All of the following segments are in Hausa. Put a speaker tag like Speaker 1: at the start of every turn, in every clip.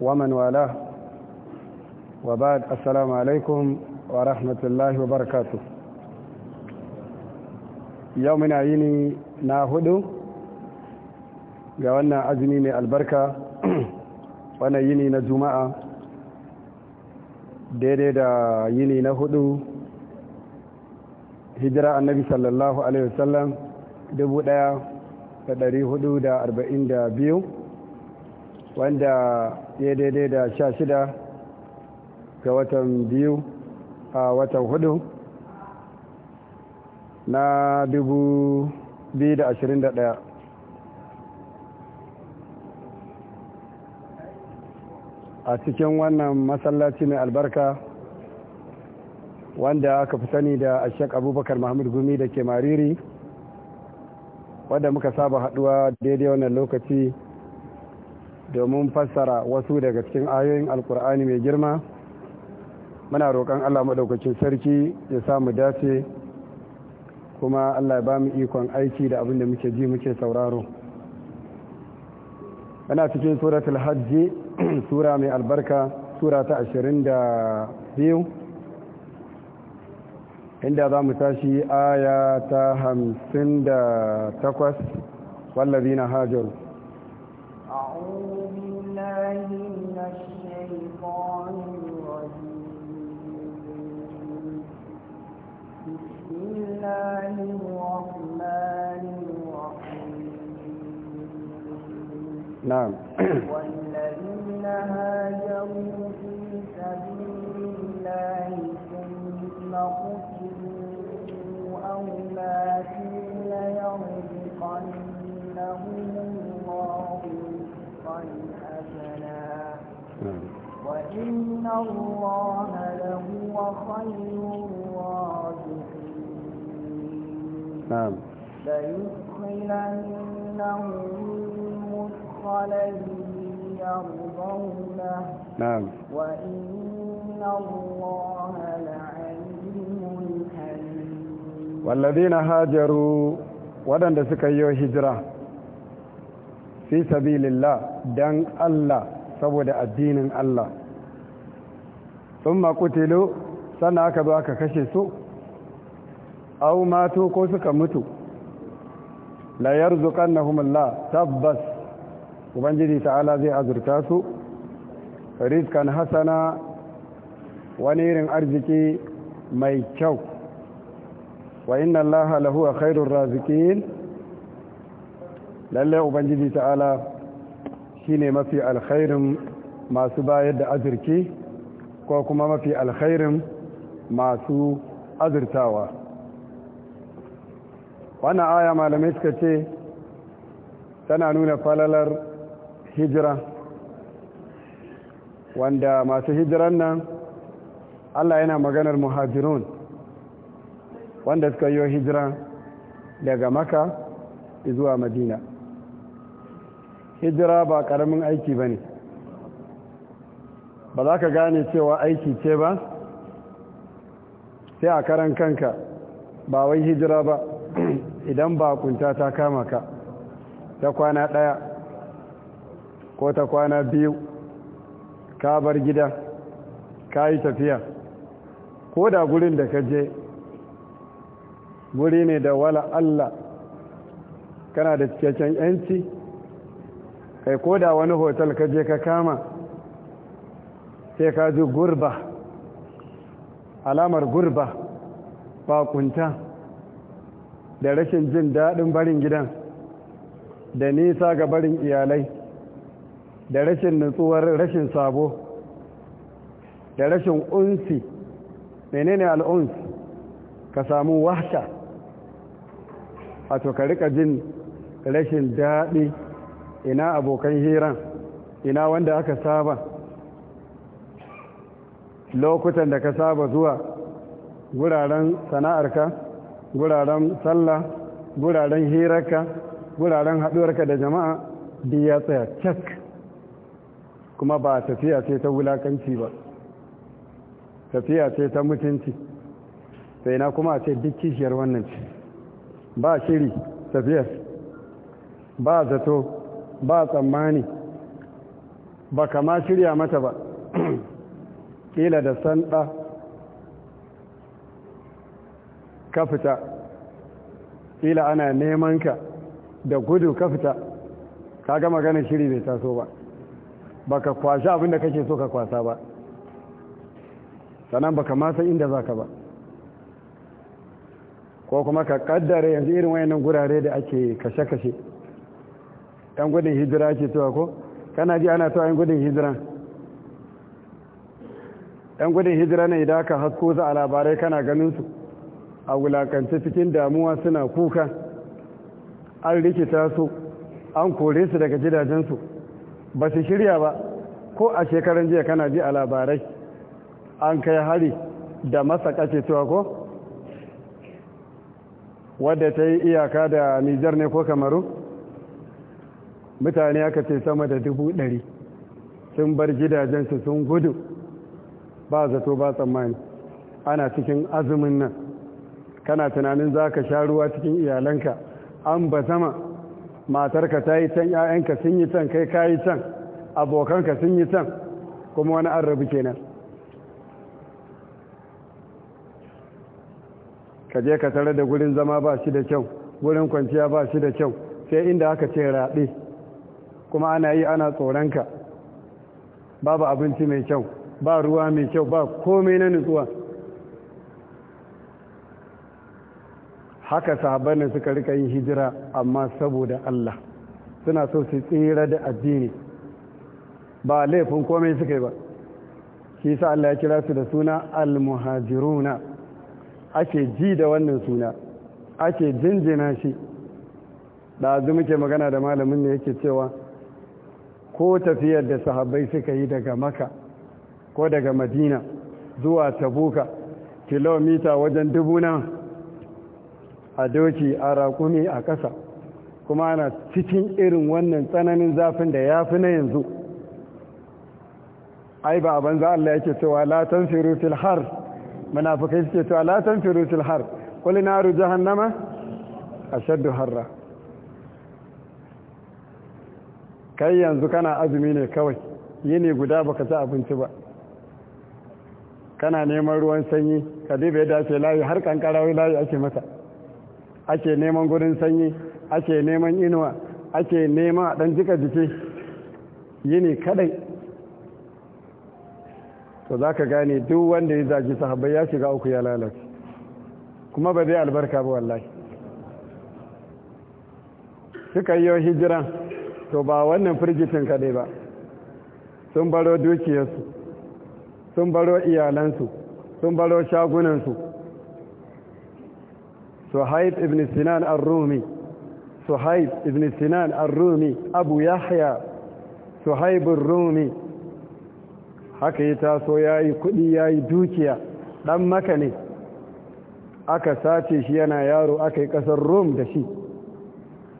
Speaker 1: ومن والاه وبعد السلام عليكم ورحمة الله وبركاته يومنا يني ناهدو جوانا أزمي من البركة وانا يني نجمع daidai da yini na hudu hijira annabi sallallahu alaihi wasallam dubu ta 442 wanda ya daidai da 16 ga watan biyu a watan hudu na 2021 a cikin wannan masallaci mai albarka wanda aka fi sani da ashek abubakar mahmud gumi da ke mariri wadda muka saba haduwa daidai wannan lokaci domin fassara wasu daga cikin ayoyin alkur'ani mai girma muna roƙon allah maɗaukacin sarki ya samu dace kuma allah ba mu ikon aiki da abin da muke ji muke sauraro ana cikin suratul hajji sura mai albarka sura ta ashirin da biyu. inda za mu tashi aya ta hamsin da takwas wallazi na hajjaru
Speaker 2: نعم والذين هاجروا الله حسنا وإن الله لهو خير الرازقين نعم ليدخلنهم مدخلا يرضونه نعم وإن الله لعليم حليم
Speaker 1: والذين هاجروا waɗanda suka yi hijira fi sabilillah dan Allah saboda addinin Allah sun makutilo sannan aka zo aka kashe su au mato ko suka mutu la yarzuqannahumullah tabbas ubangiji ta'ala zai azurta su rizkan hasana wani irin arziki mai kyau wa inna allaha lahu khairur raziqin lallai ubangiji ta'ala ne mafi alkhairin masu bayar da azurki ko kuma mafi alkhairin masu azurtawa wannan aya malamai suka ce tana nuna falalar hijira wanda masu hijiran nan allah yana maganar muhajirun wanda suka yi hijira daga maka zuwa madina hijira ba karamin aiki ba ne ba za ka gane cewa aiki ce ba sai a karan kanka ba wai hijira ba idan ba kunta ta kama ka ta kwana ɗaya ko ta kwana biyu ka bar gida ka yi tafiya ko da gurin da ka je guri ne da wala Allah kana da cikakken 'yanci kai ko da wani hotel ka je ka kama sai ka ji gurba alamar gurba bakunta da rashin jin daɗin barin gidan da nisa ga barin iyalai da rashin nutsuwar rashin sabo da rashin unsi menene al'uns ka samu wahsha a to ka rika jin rashin daɗi ina abokan hiran ina wanda aka saba lokutan da ka saba zuwa guraren sana'arka guraren sallah guraren hirarka guraren haduwarka da jama'a duk ya tsaya cak kuma ba tafiya ce ta wulakanci ba tafiya ce ta mutunci sai na kuma a ce duk kishiyar wannan ce ba shiri tafiyar ba zato ba tsammani ba kama shirya mata ba kila da sanda ka fita kila ana neman ka da gudu ka fita ka ga maganin shiri bai taso ba ba ka kwashe abinda kake so ka kwasa ba sannan ba ka san inda za ka ba ko kuma ka kaddare yanzu irin wayannan gurare da ake kashe-kashe yan gudun hijira ke cewa ko kana ji ana cewa yan gudun hijira yan gudun hijira ne idan aka hasko za a labarai kana ganin su a wulakance cikin damuwa suna kuka an rikita su an kore su daga gidajensu ba su shirya ba ko a shekaran jiya kana ji a labarai an kai hari da masaka ke cewa ko wadda ta yi iyaka da nijar ne ko kamaru mutane aka ce sama da dubu ɗari sun bar gidajensu sun gudu ba zato ba tsammani ana cikin azumin nan kana tunanin za ka sha ruwa cikin iyalanka an ba zama matarka ta yi can 'ya'yanka sun yi can kai ka yi can abokanka sun yi can kuma wani an rabu nan. ka je ka tare da gurin zama ba shi da kyau gurin kwanciya ba shi da kyau sai inda aka ce raɗe kuma ana yi ana tsoronka babu abinci mai kyau ba ruwa mai kyau ba komai na nutsuwa haka sahabbanin suka rika yin hijira amma saboda Allah suna so su tsira da addini ba laifin komai suka yi ba shi sa Allah ya kira su da suna almuhajiruna ake ji da wannan suna ake jinjina shi da muke magana da malamin ne yake cewa ko tafiyar da sahabbai suka yi daga maka ko daga madina zuwa tabuka kilomita wajen dubu nan a doki a raƙumi a ƙasa kuma ana cikin irin wannan tsananin zafin da ya fi na yanzu ai ba abin za Allah yake cewa latan firutul har munafukai suke cewa latan firutul har kulinaru jahannama shaddu harra kai yanzu kana azumi ne kawai yini guda baka ci abinci ba kana neman ruwan sanyi ka dube da ake layi har kankara layi ake masa ake neman gurin sanyi ake neman inuwa ake nema a dan jika jiki yini kadai to za ka gane duk wanda ya zagi sahabbai ya shiga uku ya lalace kuma ba zai albarka ba wallahi suka yi hijira to ba wannan firgitin kaɗai ba sun baro dukiyarsu sun baro iyalansu sun baro shagunansu suhaib ibn sinan ar-rumi suhaib ibn sinan ar-rumi abu yahya suhaib ar-rumi haka yi taso ya yi kuɗi ya yi dukiya ɗan maka ne aka sace shi yana yaro aka yi ƙasar rum da shi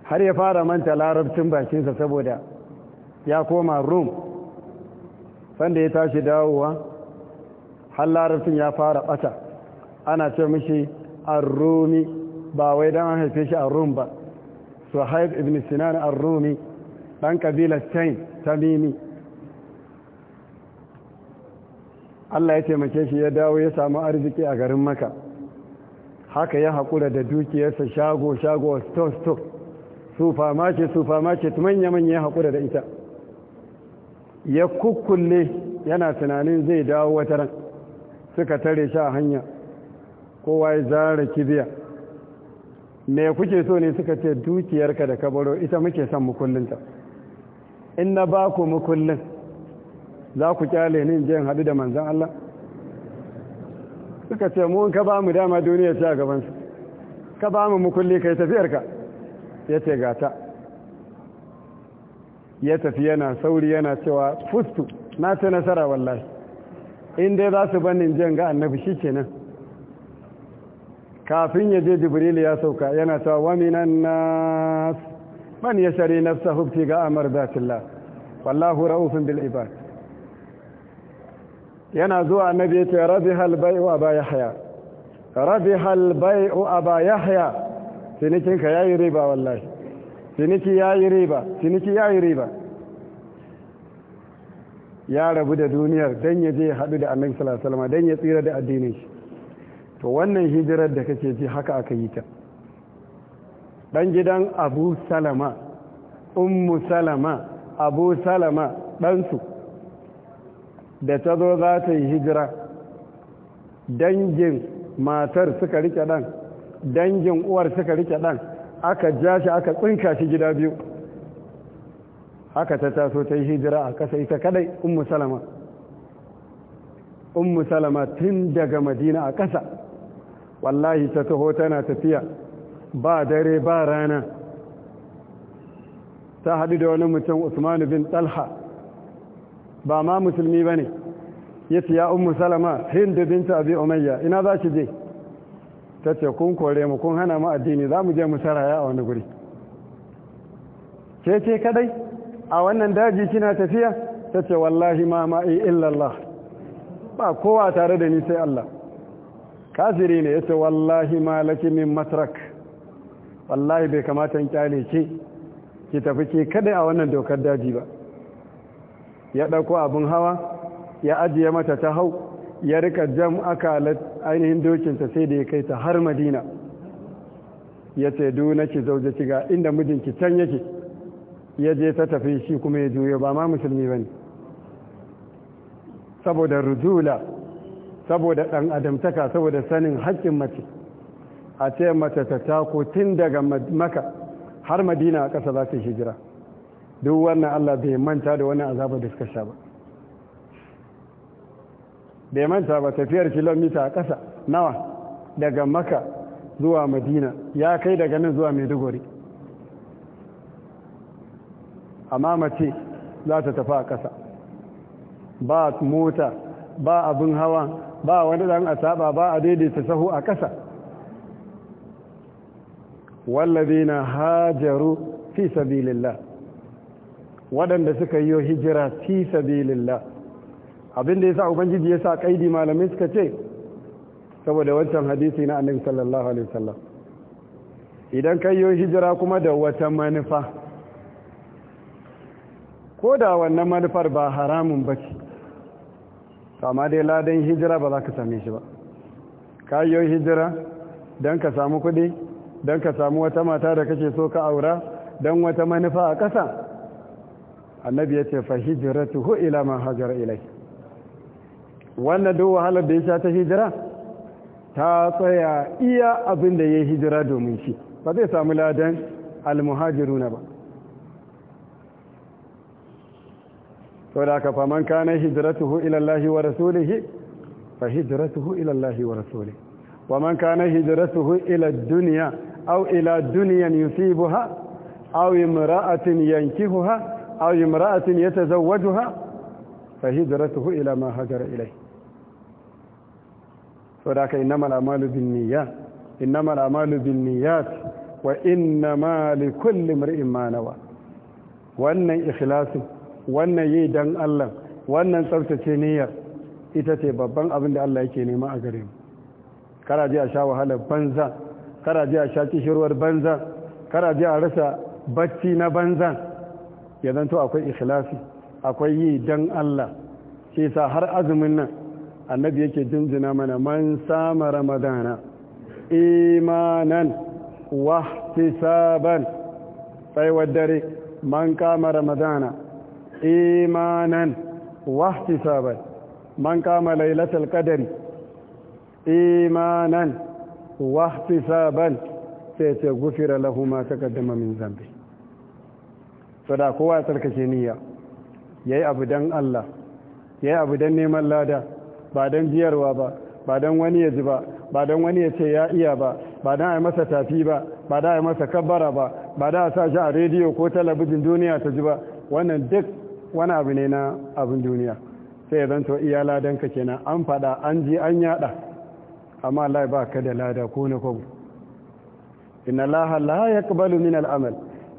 Speaker 1: har ya fara manta larabcin bakinsa saboda ya koma rum sanda ya tashi dawowa har larabcin ya fara bata ana ce mishi arrumi ba wai don an haife shi a ba ba haif ibn sinan arrumi ɗan ƙabilar ta mimi. Allah ya taimake shi ya dawo ya samu arziki a garin maka haka ya haƙura da dukiyarsa shago shago store store supermarket supermarket manya-manya haƙura da ita ya kukkulle yana tunanin zai dawo wata ran suka tare shi a hanya kowa ya zara kibiya me kuke so ne suka ce dukiyarka da kabaro ita muke son mukullinta in na ba ku mukullin za ku kyale ni jin haɗu da manzan Allah suka ce mun ka ba mu dama duniya ce a gabansu ka ba mu mukulli kai tafiyarka ya ce gata ya tafi yana sauri yana cewa fustu na ce nasara wallahi in dai za su banin jan ga annabi shi kenan kafin ya je jibril ya sauka yana cewa waminan nas man ya shari nafsa hubti ga amar zatillah wallahu ra'ufin bil ibad yana zuwa annabi ya ce rabi halbai wa ba yahya rabi halbai wa yahya cinikinka ya yi riba wallahi ciniki ya yi riba ciniki ya yi riba ya rabu da duniyar don ya je ya haɗu da annabi sallallahu alaihi don ya tsira da addinin shi to wannan hijirar da kake ji haka aka yi ta dan gidan abu salama ummu salama abu salama ɗansu da ta zo za ta yi hijira dangin matar suka rike ɗan dangin uwar suka rike ɗan aka ja shi aka tsinka shi gida biyu haka ta taso ta yi hijira a ƙasa ita kadai ummu salama ummu salama tun daga madina a ƙasa wallahi ta taho tana tafiya ba dare ba rana ta haɗu da wani mutum usman bin talha ba ma musulmi ba ne ya ya ummu salama hindu binta abi umayya ina za ki je ta ce kun kore mu kun hana mu addini za mu je mu saraya a wani guri ke ce kadai a wannan daji kina tafiya ta ce wallahi ma ma'i illallah ba kowa tare da ni sai Allah kafiri ne ya ce wallahi ma laki min matrak wallahi bai kamata in kyale ke ki tafi ke kadai a wannan dokar daji ba ya ɗauko abin hawa ya ajiye mata ta hau ya rika jam aka ainihin dokinta sai da ya kai ta har madina ya ce duna ki zauje ki ga inda mijinki can yake ya je ta tafi shi kuma ya juyo ba ma musulmi ba ne saboda rujula saboda ɗan adamtaka saboda sanin haƙƙin mace a ce mace ta tako tun daga maka har madina a ƙasa za su hijira duk wannan allah bai manta da wannan azabar da suka sha ba bai manta ba tafiyar kilomita a ƙasa nawa daga maka zuwa madina ya kai daga nan zuwa maiduguri amma mace za ta tafi a ƙasa ba mota ba abin hawa ba wani dan asaba ba a daidaita sahu a ƙasa Wallabi na hajaru fi sabilillah waɗanda suka yi hijira fi sabilillah abin da ya yasa ubangiji ya sa kaidi malamai suka ce saboda wancan hadisi na annabi sallallahu alaihi wasallam idan kai yo hijira kuma da wata manufa ko da wannan manufar ba haramun bace amma dai ladan hijira ba za ka same shi ba ka yo hijira don ka samu kuɗi don ka samu wata mata da kake so ka aura don wata manufa a ƙasa annabi ya ce fa hijiratuhu ila ma hajara ilai wannan duk wahalar da ya sha ta hijira ta tsaya iya abin da ya hijira domin shi ba zai samu ladan almuhajiruna ba sau da aka faman kanan hijiratuhu ilallahi wa rasulihi fa hijiratuhu ilallahi wa rasulihi wa man kanan hijiratuhu ila duniya au ila duniyan yusibuha au imra'atin yankihuha au imra'atin yatazawwajuha fa hijiratuhu ila ma hajara ilayhi saboda haka innamal a'malu binniyat innamal a'malu niyyat wa li kulli mar'in ma nawa wannan ikhlasin wannan yi dan Allah wannan tsaftace niyyar ita ce babban abin da Allah yake nema a gare mu kara ji a sha wahalar banza kara ji a sha kishirwar banza kara ji a rasa bacci na banza yanzu to akwai ikhlasi akwai yi dan Allah sai sa har azumin nan annabi yake jinjina mana man sama ramadana imanan wahtisaban tsaiwar dare man kama ramadana imanan wahtisaban man kama lailatul qadari imanan wahtisaban sai ce gufira lahu ma taqaddama min zambi sada kowa tsarkake niyya yayi abu dan Allah yayi abu dan neman lada ba don jiyarwa ba ba don wani ya ji ba ba don wani ya ce ya iya ba ba don a yi masa tafi ba ba don a yi masa kabbara ba ba don a sa shi a rediyo ko talabijin duniya ta ji ba wannan duk wani abu ne na abin duniya sai ya zanto iya ladan ka kenan an faɗa an ji an yaɗa amma Allah ba ka da lada ko na kwabu inna Allah la yaqbalu min al-amal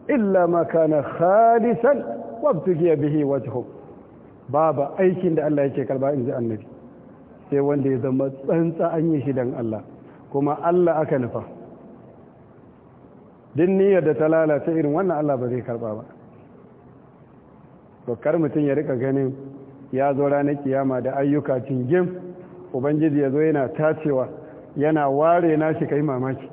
Speaker 1: illa ma kana khalisan wabtugiya bihi wajhu babu aikin da Allah yake karba in ji annabi sai wanda ya zama tsantsa an yi shi don Allah kuma Allah aka nufa din niyyar da ta lalata irin wannan Allah ba zai karba ba dokar mutum ya rika ganin ya zo ranar kiyama da ayyuka cingim ubangiji ya zo yana tacewa yana ware na shi kai mamaki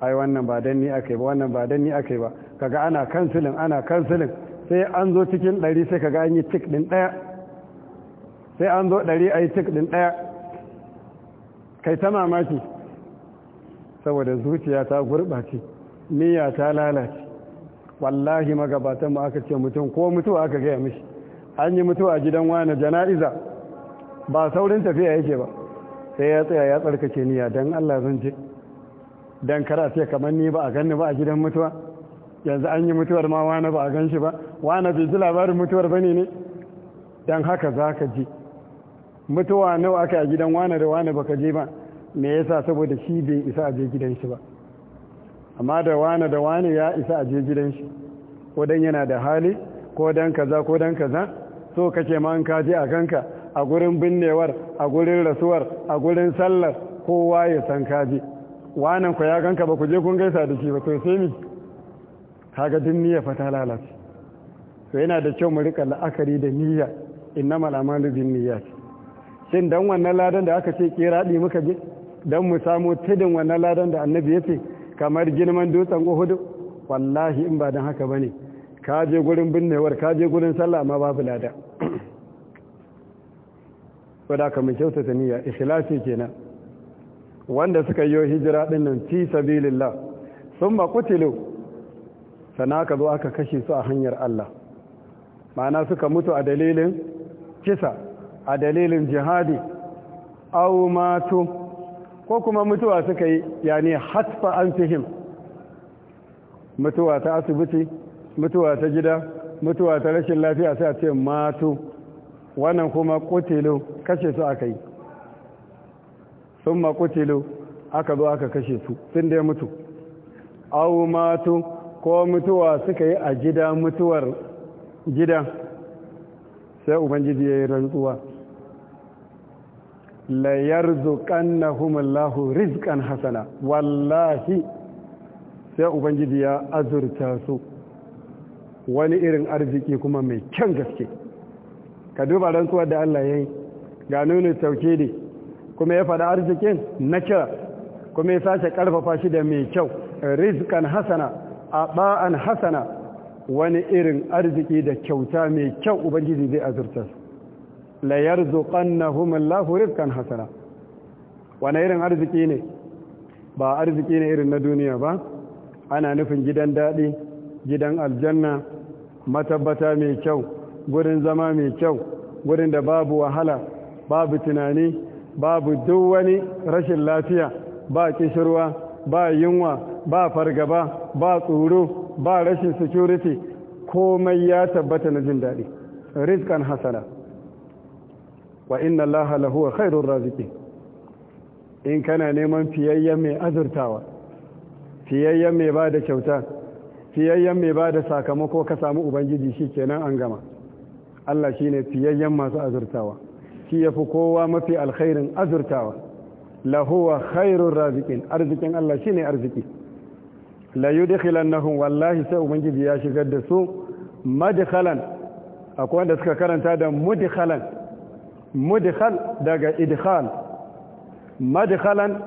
Speaker 1: ai wannan ba danni akai ba wannan ba danni akai ba kaga ana kansulin ana kansulin sai an zo cikin ɗari sai kaga an yi tik ɗin ɗaya sai an zo ɗari a yi cik ɗin ɗaya kai ta mamaki saboda zuciya ta gurɓace niyya ta lalace wallahi magabatan magabatanmu aka ce mutum ko mutuwa aka gaya mishi an yi mutuwa gidan wani jana'iza ba saurin tafiya yake ba sai ya tsaya ya tsarkake niyya don allah zan ce don kara ce kamar ni ba a ganni ba a gidan mutuwa yanzu an yi mutuwar ma wani ba a gan shi ba wani bai ji labarin mutuwar ba ne ne don haka za ka ji mutuwa nawa aka a gidan wane da wane baka je ba me yasa saboda shi bai isa a je gidan shi ba amma da wane da wane ya isa a je gidan shi ko dan yana da hali ko dan kaza ko dan kaza so kake ma an kaje a kanka a gurin binnewar a gurin rasuwar a gurin sallar kowa ya san kaje wanan ku ya ganka ba ku je kun gaisa da shi ba to sai mi kaga din niyya fa ta lalace to yana da kyau mu rika la'akari da niyya innamal a'malu binniyat shin dan wannan ladan da aka ce kiraɗi muka bi dan mu samu tidin wannan ladan da annabi ya ce kamar girman dutsen Uhud wallahi in ba dan haka bane ka je gurin binnewar ka je gurin sallah amma babu lada saboda haka mun kyautata niyya ikhlasi kenan wanda suka yi hijira din nan fi sabilillah sun ba kutilu sana aka zo aka kashe su a hanyar Allah ma'ana suka mutu a dalilin kisa a dalilin jihadi au matu ko kuma mutuwa suka yi yani hatfa an fihim mutuwa ta asibiti mutuwa ta gida mutuwa ta rashin lafiya sai a ce matu wannan kuma kutilu kashe su aka yi sun ma kutilu aka zo aka kashe su sun dai mutu au matu ko mutuwa suka yi a gida mutuwar gida sai ubangiji ya yi rantsuwa la yarzuqannahum Allahu rizqan hasana wallahi sai ubangiji ya azurta su wani irin arziki kuma mai kyan gaske ka duba don rantsuwar da Allah ya yi ga nuna sauke ne kuma ya faɗa arzikin na kira kuma ya sace ƙarfafa shi da mai kyau rizkan hasana a ba'an hasana wani irin arziki da kyauta mai kyau ubangiji zai azurta su la yarzuqannahum Allahu rizqan hasana wani irin arziki ne ba arziki ne irin na duniya ba ana nufin gidan daɗi gidan aljanna matabbata mai kyau gurin zama mai kyau gurin da babu wahala babu tunani babu duk wani rashin lafiya ba kishirwa ba yunwa ba fargaba ba tsoro ba rashin security komai ya tabbata na jin daɗi rizkan hasana wa inna allaha lahuwa khairur raziqin in kana neman fiyayyen mai azurtawa fiyayyen mai ba da kyauta fiyayyen mai ba da sakamako ka samu ubangiji shi kenan an gama allah shi ne fiyayyen masu azurtawa shi ya fi kowa mafi alkhairin azurtawa lahuwa khairun razikin arzikin allah shi ne arziki la yudkhilannahum wallahi sai ubangiji ya shigar da su madkhalan akwai wanda suka karanta da mudkhalan mudkhal daga idkhal madkhalan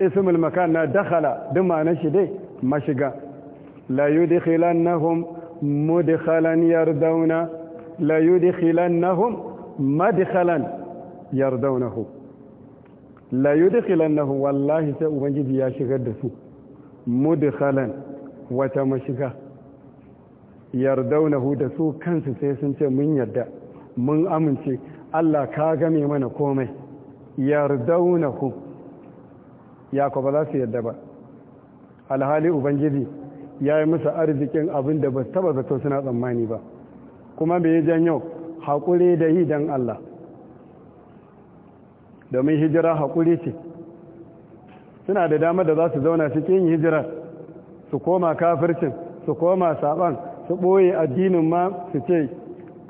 Speaker 1: ismul makan na dakhala duk ma'anar shi dai mashiga la yudkhilannahum mudkhalan yardawna la yudkhilannahum madkhalan yardawnahu la yudkhilannahum wallahi sai ubangiji ya shigar da su mudkhalan wata mashiga yardaunahu da su kansu sai sun ce mun yarda mun amince Allah ka game mana komai yardaunahu ya ku ba za su yarda ba alhali ubangiji ya yi musu arzikin abin da ba su taba zato suna tsammani ba kuma bai janyo haƙuri da yi don Allah domin hijira haƙuri ce suna da dama da za su zauna cikin hijira, su koma kafircin su koma saban su ɓoye addinin ma su ce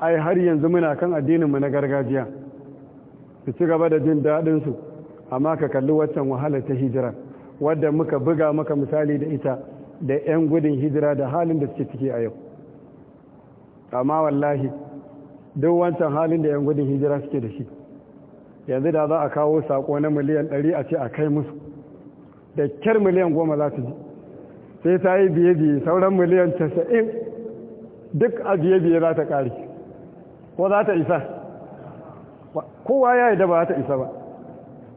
Speaker 1: ai har yanzu muna kan addininmu na gargajiya su ci gaba da jin daɗinsu amma ka kalli waccan wahalar ta hijira wadda muka buga maka misali da ita da 'yan gudun hijira da halin da suke ciki a yau amma wallahi duk wancan halin da 'yan gudun hijira suke da shi yanzu da za a kawo sako na miliyan 100 a ce a kai musu da kyar miliyan goma za su ji sai ta yi biye-biye sauran miliyan 90 duk a biye-biye za ta ƙari ko za ta isa kowa ya yi da ba ta isa ba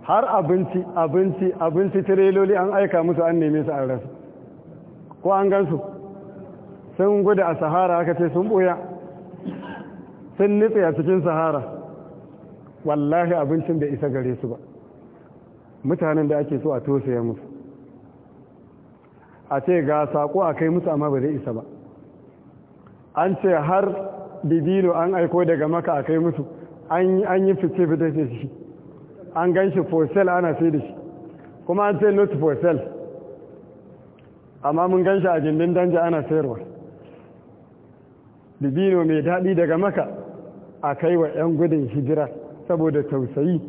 Speaker 1: har abinci abinci abinci tireloli an aika musu an neme su an rasu ko an gansu sun gudu a sahara aka ce sun ɓoya sun nitse a cikin sahara wallahi abincin da isa gare su ba mutanen da ake so a tosaya musu a ce ga saƙo a kai musu amma ba zai isa ba an ce har dibino an aiko daga maka a kai musu an yi fice fice da shi an gan shi for ana sai da shi kuma an sai not for sale amma mun gan shi a gindin danja ana sayarwa dibino mai daɗi daga maka a kai wa 'yan gudun hijira saboda tausayi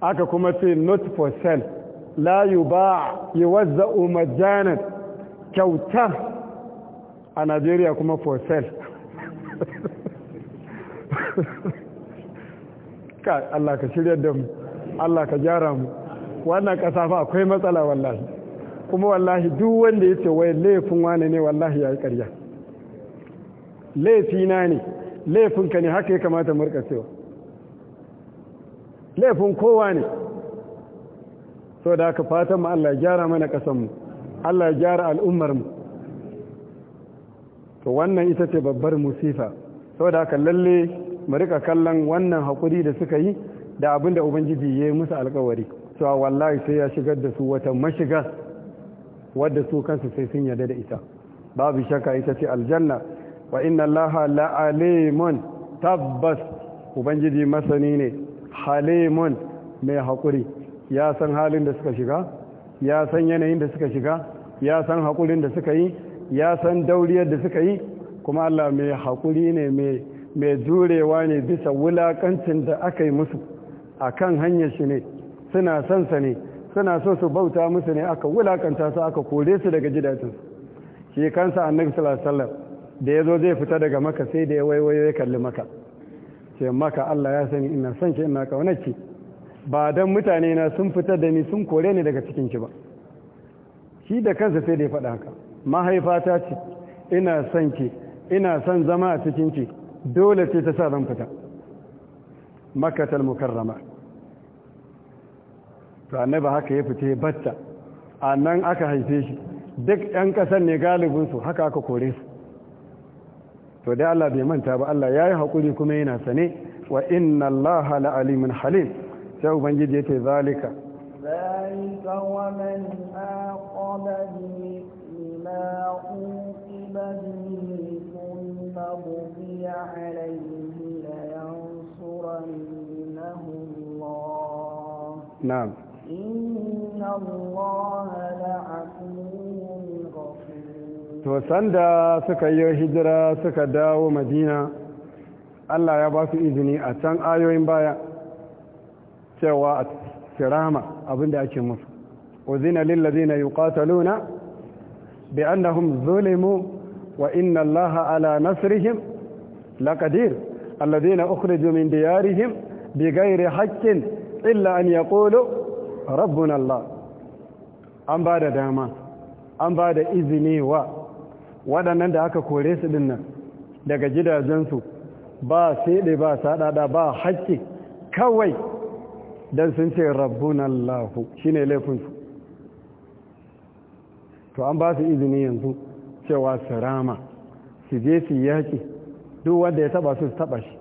Speaker 1: aka kuma ce not for sale la yi ba yi wazza umarjanar kyautar a najeriya kuma for sale ka allah ka shirya da mu allah ka gyara mu wannan ƙasa fa akwai matsala wallahi kuma wallahi duk wanda ya ce wai laifin wane ne wallahi ya yi ƙarya laifina ne laifinka ne haka ya kamata mu rika cewa laifin kowa ne so da aka fatan mu Allah ya gyara mana kasanmu Allah ya gyara al'ummarmu to wannan ita ce babbar musifa saboda haka lalle mu rika kallon wannan hakuri da suka yi da abin da ubangiji ya yi musu alkawari a wallahi sai ya shigar da su wata mashiga wadda su kansu sai sun yarda da ita babu shakka ita ce aljanna wa inna allaha alimun tabbas ubangiji masani ne halimun mai hakuri ya san halin da suka shiga ya san yanayin da suka shiga ya san hakurin da suka yi ya san dauriyar da suka yi kuma Allah mai haƙuri ne mai jurewa ne bisa wulaƙancin da aka yi musu a kan hanyar shi ne suna son sa ne suna so su bauta musu ne aka wulaƙanta su aka kore su daga jidatun shi kansa annabi sallallahu alaihi da ya zo zai fita daga maka sai da ya waiwayo ya kalli maka ce maka Allah ya sani ina son ki ina kaunarki ba dan mutane na sun fita da ni sun kore ni daga cikin ki ba shi da kansa sai da ya faɗa haka mahaifata ce ina son ki ina son zama a cikin ki dole ce ta sa zan fita makatal mukarrama to annabi haka ya fita batta a aka haife shi duk ɗan ƙasar ne galibinsu haka aka kore su to dai Allah bai manta ba Allah ya yi haƙuri kuma yana sane wa inna Allah la'alimin alimin halim sai ubangiji ya ce zalika
Speaker 2: zalika wa man aqaba بما أوقب به ثم بقي عليه لينصرنه الله نعم إن الله لعفو غفور
Speaker 1: to sanda suka yi hijira suka dawo madina Allah ya ba su izini a can ayoyin baya cewa a tirama abinda ake musu uzina lillazina yuqataluna بأنهم ظلموا وإن الله على نصرهم لقدير الذين أخرجوا من ديارهم بغير حق إلا أن يقولوا ربنا الله an ba da dama an ba izini wa waɗannan da aka kore su dinnan daga gidajensu ba sai ba saɗaɗa ba haƙƙi kawai don sun ce rabbunallahu shine laifinsu to an ba su izini yanzu cewa su rama su je su yaƙi duk wanda ya taba su taba shi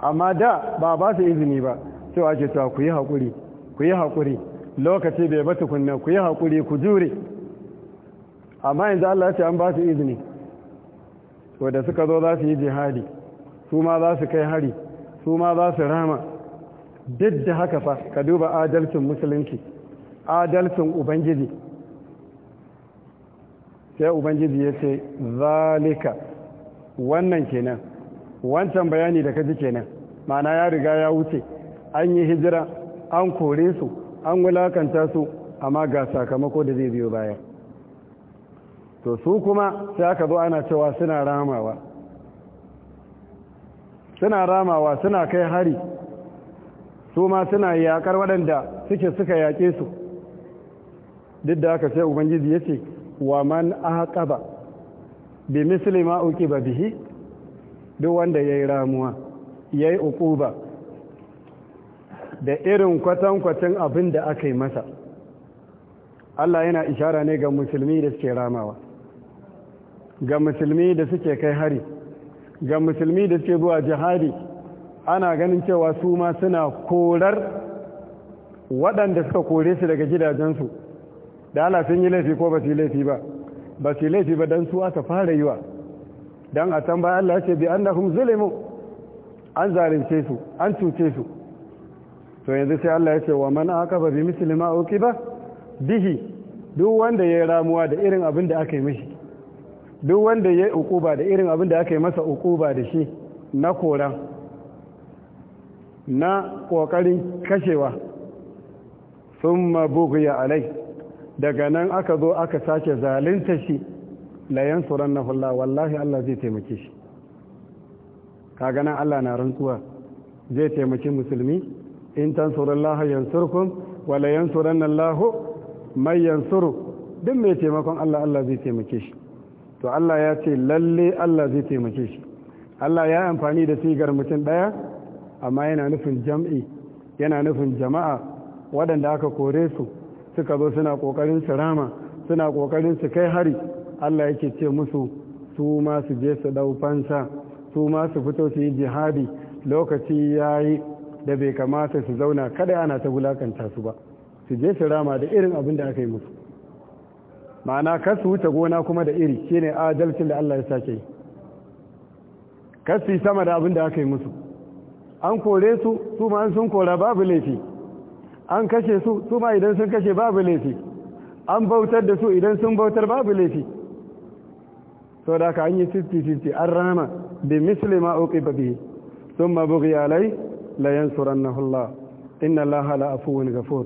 Speaker 1: amma da ba ba su izini ba cewa ce to ku yi haƙuri ku yi haƙuri lokaci bai ba tukunna ku yi haƙuri ku jure amma yanzu Allah ce an ba su izini to suka zo za su yi jihadi su ma za su kai hari su ma za su rama duk da haka fa ka duba adalcin musulunci adalcin ubangiji sai ubangiji ya ce zalika wannan kenan wancan bayani da kaji kenan ma'ana ya riga ya wuce an yi hijira an kore su an wulakanta su amma ga sakamako da zai biyo baya to su kuma sai aka zo ana cewa suna ramawa suna ramawa suna kai hari su ma suna yakar waɗanda suke suka yaƙe su duk da haka sai ubangiji ya ce wa man aqaba bi misli ma uqiba bihi duk wanda yayi ramuwa yayi uquba da irin kwatankwacin abin da aka yi masa Allah yana ishara ne ga musulmi da suke ramawa ga musulmi da suke kai hari ga musulmi da suke zuwa jihadi ana ganin cewa su ma suna korar waɗanda suka kore su daga gidajensu da ala sun yi laifi ko ba su yi laifi ba ba su laifi ba don su aka fara yi wa a can bayan Allah ya ce bi annahum zulimu an zalunce su an cuce su to yanzu sai Allah ya ce wa aka ba bi misli ma ba bihi duk wanda ya yi ramuwa da irin abin da aka yi mishi duk wanda ya yi ukuba da irin abin da aka yi masa ukuba da shi na koran na kokarin kashewa sun ya alai daga nan aka zo aka sake zalunta shi layan tsoron na hula wallahi Allah zai taimake shi kaga nan Allah na rantsuwa zai taimaki musulmi in tan tsoron laha yansurkun wala yansuran na lahu mai yansuru duk mai taimakon Allah Allah zai taimake shi to Allah ya ce lalle Allah zai taimake shi Allah ya amfani da sigar mutum ɗaya amma yana nufin jam'i yana nufin jama'a waɗanda aka kore su suka zo suna kokarin su rama suna kokarin su kai hari Allah yake ce musu su ma su je su dau fansa su ma su fito su yi jihadi lokaci yayi da bai kamata su zauna kada ana ta wulakanta su ba su je su rama da irin abin da aka yi musu ma'ana kar su wuce gona kuma da iri shine adalcin da Allah ya sake yi su sama da abin da aka yi musu an kore su su ma sun kora babu laifi an kashe su su ma idan sun kashe babu laifi an bautar da su idan sun bautar babu laifi so da ka an yi sisti an rama bi mislima uki babi sun mabugi alai layan suran na hula inna laha la'afuwin gafur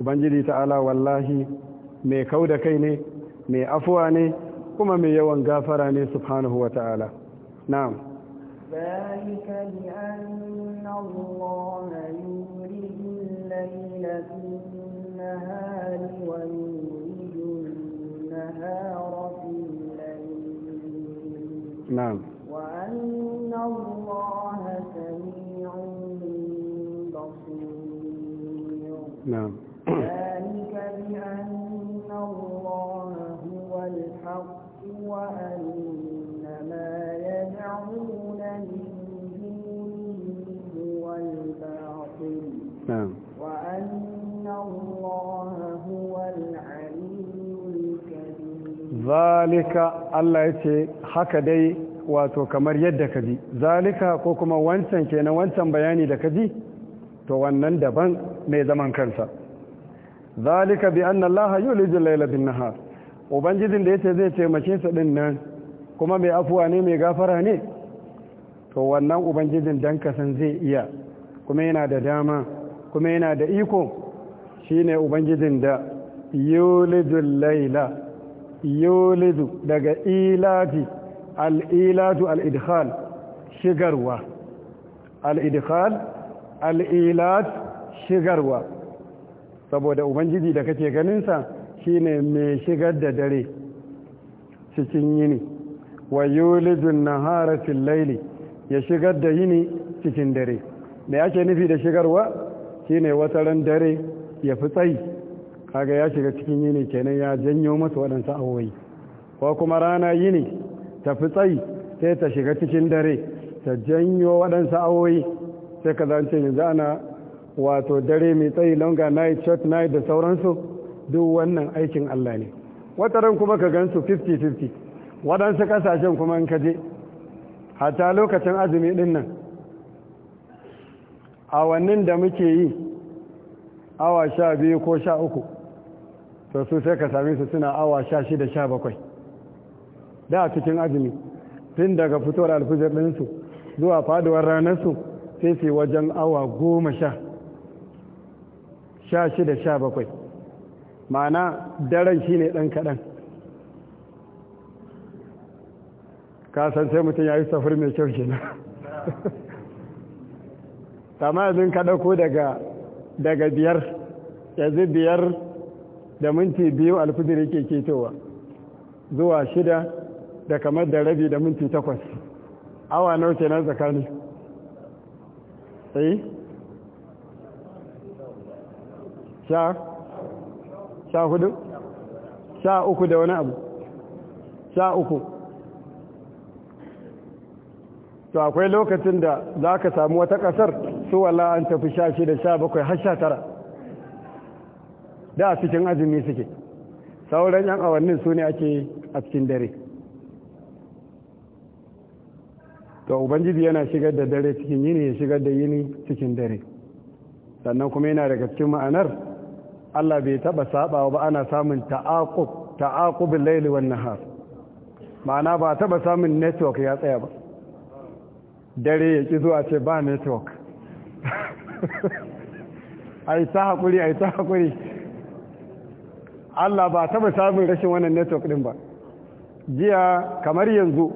Speaker 1: ubangiji ta'ala wallahi mai kau da kai ne mai afuwa ne kuma mai yawan gafara ne subhanahu wa ta'ala na'am
Speaker 2: ذلك بأن الله يريد في النهار ويولج النهار في الليل نعم وأن الله سميع بصير نعم
Speaker 1: zalika Allah ya ce haka dai wato kamar yadda ka ji zalika ko kuma wancan kenan wancan bayani da ka ji to wannan daban mai zaman kansa zalika bi anna Allah yuliju layla bin nahar ubangijin da yace zai mace su din nan kuma mai afuwa ne mai gafara ne to wannan ubangijin dan kasan zai iya kuma yana da dama kuma yana da iko shine ubangijin da yuliju laila yolidu daga ilati al'ilatu Al'idhal shigarwa Al'idhal, al'ilat shigarwa saboda ubangiji da kake ganinsa shine mai shigar da dare cikin yini wa yolidu nahara fil laili ya shigar da yini cikin dare me ake nufi da shigarwa shine wataran dare ya fi tsayi kaga ya shiga cikin yini kenan ya janyo masa waɗansu awoyi ko kuma rana yini ta fi tsayi sai ta shiga cikin dare ta janyo waɗansu awoyi sai ka zance yanzu ana wato dare mai tsayi longa night short night da sauransu duk wannan aikin Allah ne ran kuma ka gansu 50-50 waɗansu ƙasashen kuma in ka je hata lokacin azumi ɗin nan awannin da muke yi awa sha biyu ko sha uku So su sai ka same su suna awa sha shida sha bakwai da a cikin azumi tun daga fitowar alfijar ɗinsu zuwa faduwar ranarsu sai su wajen awa goma sha sha shida sha bakwai ma'ana daren shi ne ɗan kaɗan kasan sai mutum ya yi safir mai kyau kenan ka ɗauko daga biyar yanzu biyar da minti biyu alfijir yake ketowa zuwa shida da kamar da rabi da minti takwas awa nau na tsakani tsaye? Eh? sha sha hudu sha uku da wani abu sha uku to akwai lokacin da za ka samu wata kasar su wala an tafi sha shida sha bakwai har sha tara da cikin azumi suke sauran yan awannin su ne ake a cikin dare to ubangiji yana shigar da dare cikin yini ya shigar da yini cikin dare sannan kuma yana daga cikin ma'anar Allah bai taba saba ba ana samun ta'akubin laili layli wan nahar ma'ana ba taba samun network ya tsaya ba dare ya ƙi zuwa ce ba network ai ta a ai ta haƙuri Allah ba taɓa samun rashin wannan network din ba jiya kamar yanzu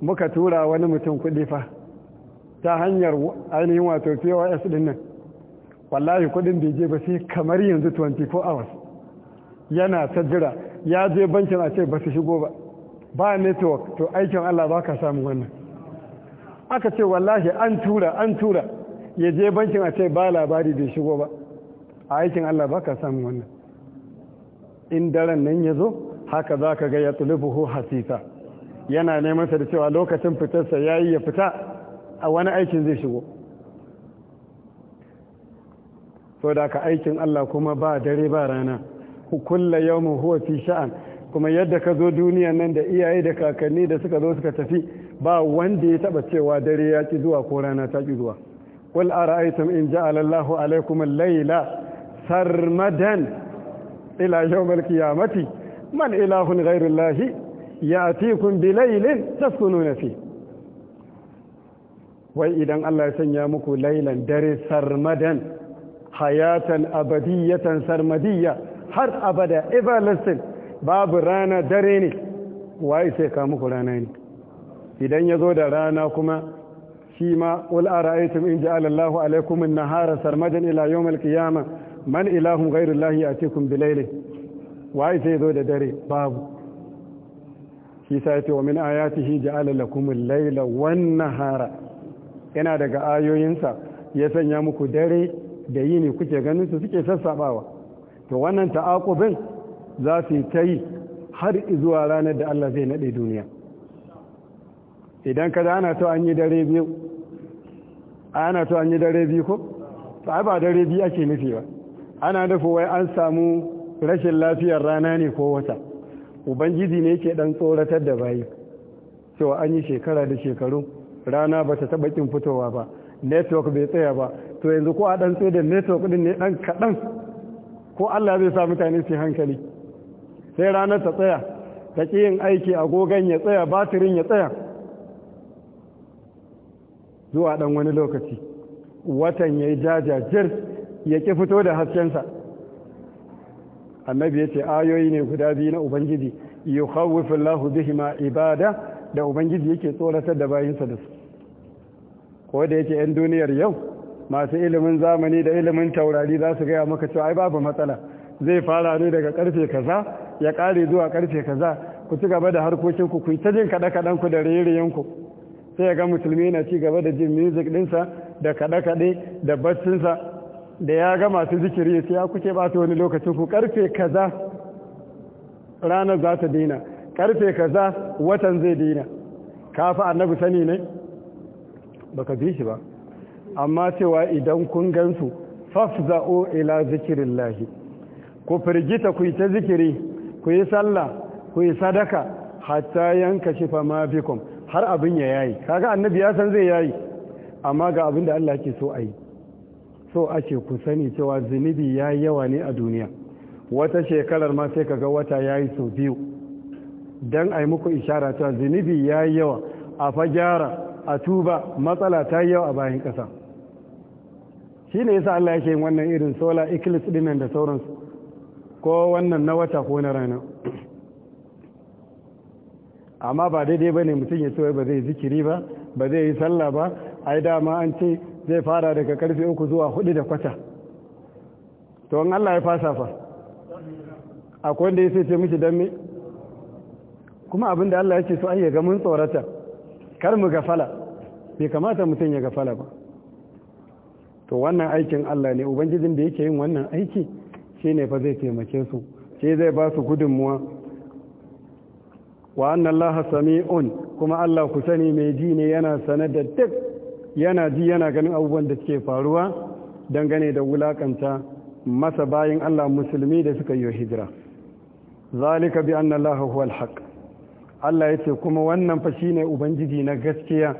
Speaker 1: muka tura wani mutum kuɗi fa ta hanyar ainihin wato POS din nan wallahi kuɗin bai je ba sai kamar yanzu 24 hours yana ta jira ya je bankin a ce ba su shigo ba ba network to aikin Allah ba ka samu wannan aka ce wallahi an tura an tura ya je bankin a ce ba labari bai shigo ba a aikin Allah ba ka samu wannan in daren nan ya zo haka za ka ga ya tulubuhu hasisa yana neman sa da cewa lokacin fitarsa ya yi ya fita a wani aikin zai shigo so da ka aikin Allah kuma ba dare ba rana kulla yawmin huwa fi sha'an kuma yadda ka zo duniyar nan da iyaye da kakanni da suka zo suka tafi ba wanda ya taba cewa dare ya ki zuwa ko rana ta ki zuwa qul ara'aytum in ja'ala Allahu alaykum al-layla sarmadan ila yawmal qiyamati man ilahun ghairu Allah ya'tikum laylin taskununa fi wai idan Allah ya sanya muku lailan dare sarmadan hayatan abadiyatan sarmadiyya har abada everlasting babu rana dare ne wai sai ka muku rana ne idan ya zo da rana kuma shi ma wal ara'aytum in ja'ala Allahu alaykum an-nahara sarmadan ila yawm al qiyama man ilahun ghayru Allah ya'tikum bilayli wai sai zo da dare babu shi sai ta wa min ayatihi ja'ala lakum al-layla wan-nahara yana daga ayoyinsa ya sanya muku dare da yini kuke ganin su suke sassabawa to wannan ta'aqubin za su yi ta yi har zuwa ranar da Allah zai nade duniya idan ka ana to an yi dare biyu ana to an yi dare biyu ko ba ba dare biyu ake nufi ba ana nufi wai an samu rashin lafiyar rana ne ko wata ubangiji ne yake dan tsoratar da bayi cewa an yi shekara da shekaru rana ba ta taba kin fitowa ba network bai tsaya ba to yanzu ko a dan tsaye da network din ne dan kadan ko Allah zai sa mutane su hankali sai ranar ta tsaya ta yin aiki agogon ya tsaya batirin ya tsaya zuwa ɗan wani lokaci watan ya yi jajajir ya ƙi fito da haskensa annabi ya ce ayoyi ne guda biyu na ubangiji yi bihi ma ibada da ubangiji yake tsoratar da bayinsa da su ko da yake 'yan duniyar yau masu ilimin zamani da ilimin taurari za su gaya maka cewa ai babu matsala zai fara ne daga karfe kaza ya ƙare zuwa karfe kaza ku ci gaba da harkokinku ku yi ta jin kaɗe kaɗenku da rairayen ku sai ga musulmi na ci gaba da jin music dinsa da kaɗe-kaɗe da baccinsa da ya ga masu zikiri sai ya kuke ba wani lokacin ku karfe kaza ranar za ta dina karfe kaza watan zai dina kafa annabi sani ne baka bi shi ba amma cewa idan kun gansu fafza'u ila lahi ku firgita ku ta zikiri ku yi sallah ku yi sadaka hatta yanka shifa ma bikum har abin ya yayi kaga annabi ya san zai yayi amma ga abin da Allah ke so a yi so ake ku sani cewa zunubi ya yawa ne a duniya wata shekarar ma sai kaga wata ya yi sau biyu don a yi muku ishara cewa zunubi ya yawa a fajara a tuba matsala ta yawa a bayan kasa shi ne yasa Allah yake yin wannan irin solar eclipse ɗin da sauransu ko wannan na wata ko na rana amma ba daidai ba ne mutum ya ce ba zai zikiri ba ba zai yi sallah ba ai dama an ce zai fara daga karfe uku zuwa hudu da kwata to in Allah ya fasa fa akwai wanda ya sai ce miki dan me kuma abin da Allah yake so su ya mun tsorata kar mu gafala bai kamata mutum ya gafala ba to wannan aikin Allah ne ubangijin da yake yin wannan aiki shine fa zai taimake su sai zai ba su gudunmuwa wa anna sami'un kuma Allah ku sani mai ji ne yana sanar da duk yana ji yana ganin abubuwan da suke faruwa dangane da wulakanta masa bayin Allah musulmi da suka yi hijira zalika bi anna laha huwal haqq Allah ce kuma wannan fa ne ubangiji na gaskiya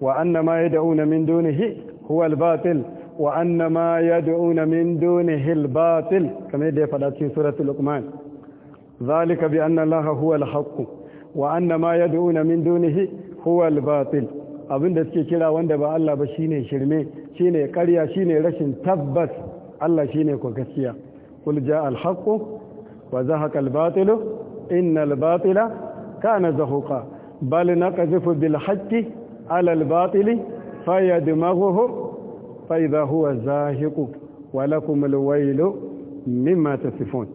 Speaker 1: wa anna ma yad'una min dunihi huwal batil wa anna ma yad'una min dunihi al batil kamar da ya faɗa cikin suratul luqman zalika bi anna laha huwal haqq wa anna ma yad'una min dunihi huwa al-batil abinda suke kira wanda ba Allah ba shine shirme shine ƙarya shine rashin tabbas Allah shine ko gaskiya qul ja'a al-haqq wa zahaqa al-batil inna al-batila kana zahuqa bal naqzifu bil haqqi ala al-batili fayadmaghuhu fa idha huwa zahiqu wa lakum al-waylu mimma tasifun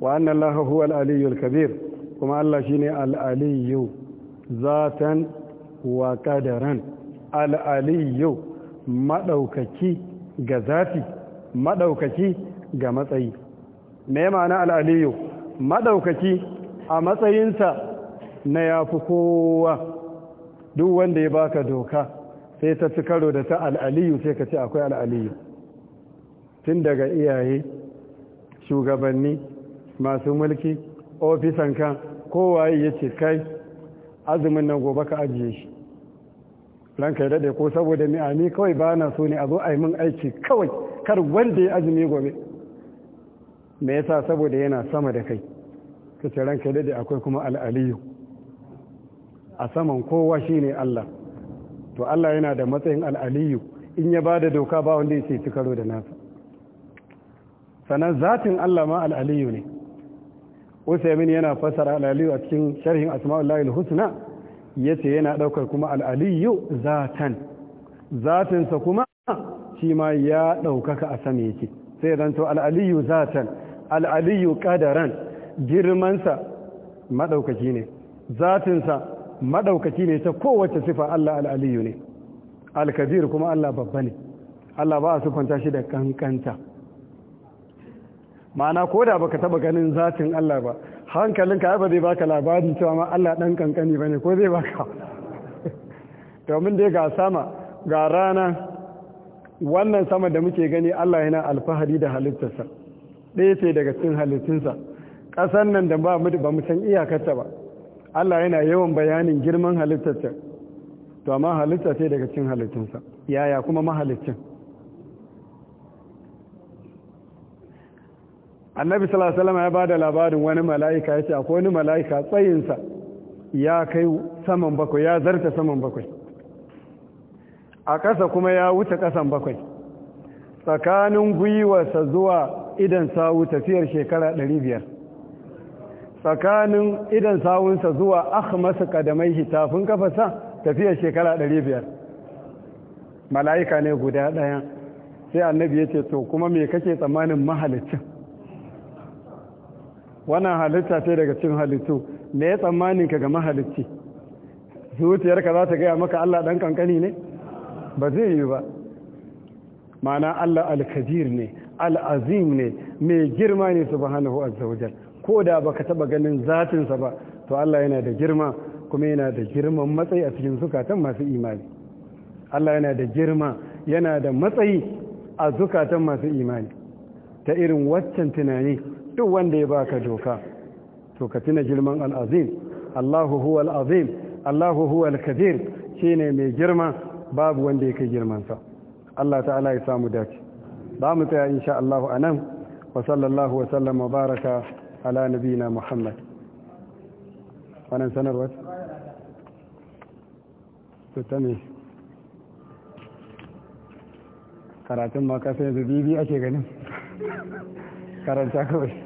Speaker 1: wa anna Allah huwa al-aliyyul kabir kuma Allah shine al-aliyyu zatan wa ƙadaran al’aliyu maɗaukaki ga zafi maɗaukaki ga matsayi me ma'ana al'aliyu maɗaukaki a matsayinsa na ya fi kowa duk wanda ya baka doka sai ta ci karo da ta al'aliyu sai ka ce akwai al'aliyu tun daga iyaye shugabanni masu mulki ofisan ka kowaye ya ce kai azumin nan gobe ka ajiye shi ranka ya daɗe ko saboda ni a kawai ba na so ne a zo a yi min aiki kawai kar wanda ya azumi gobe me yasa saboda yana sama da kai ka ce ranka ya daɗe akwai kuma al'aliyu a saman kowa shine Allah to Allah yana da matsayin al'aliyu in ya ba da doka ba wanda ya ce ci karo da nasa sannan zatin Allah ma al'aliyu ne usaimin yana fasara al'aliyu a cikin sharhin asma'ullahi husna ya ce yana ɗaukar kuma al'aliyu zatan zatinsa kuma shi ma ya ɗaukaka a sama yake sai zanto al'aliyu zatan al'aliyu ƙadaran girmansa maɗaukaki ne zatinsa maɗaukaki ne ta kowace sifa Allah al'aliyu ne alkabir kuma Allah babba ne Allah ba a sufanta shi da kankanta ma'ana ko da baka taba ganin zatin Allah ba hankalinka ba zai baka labarin cewa ma Allah dan kankani bane ko zai baka domin dai ga sama ga rana wannan sama da muke gani Allah yana alfahari da halittarsa ɗaya ce daga cikin halittunsa kasan nan da ba mu san iyakarta ba Allah yana yawan bayanin girman halittarsa to amma halitta ce daga cikin halittunsa yaya kuma mahalicin annabi sallallahu alaihi ya bada labarin wani mala'ika yace akwai wani mala'ika tsayinsa ya kai saman bakwai ya zarta saman bakwai a ƙasa kuma ya wuce ƙasan bakwai tsakanin gwiwarsa zuwa idan sawu tafiyar shekara 500 tsakanin idan sawunsa zuwa akhmasu kadamai hitafin kafasa tafiyar shekara 500 mala'ika ne guda ɗaya sai annabi ya ce to kuma me kake tsammanin mahalicin wannan halitta ce daga cin halittu me ya tsammanin ka ga mahalicci zuciyarka za ta gaya maka Allah dan kankani ne ba zai yi ba ma'ana Allah alkabir ne al azim ne mai girma ne subhanahu azza ko da baka taba ganin zatinsa ba to Allah yana da girma kuma yana da girman matsayi a cikin zukatan masu imani Allah yana da girma yana da matsayi a zukatan masu imani ta irin waccan tunani duk wanda ya baka doka to ka tuna girman al'azim Allahu huwa al'azim Allahu huwa al-kabir shine mai girma babu wanda yake girman sa Allah ta'ala ya samu dace ba mu tsaya insha Allah anan wa sallallahu wa sallam wa baraka ala nabina Muhammad wannan sanarwa to tani karatun ma yanzu bibi ake ganin
Speaker 2: karanta kawai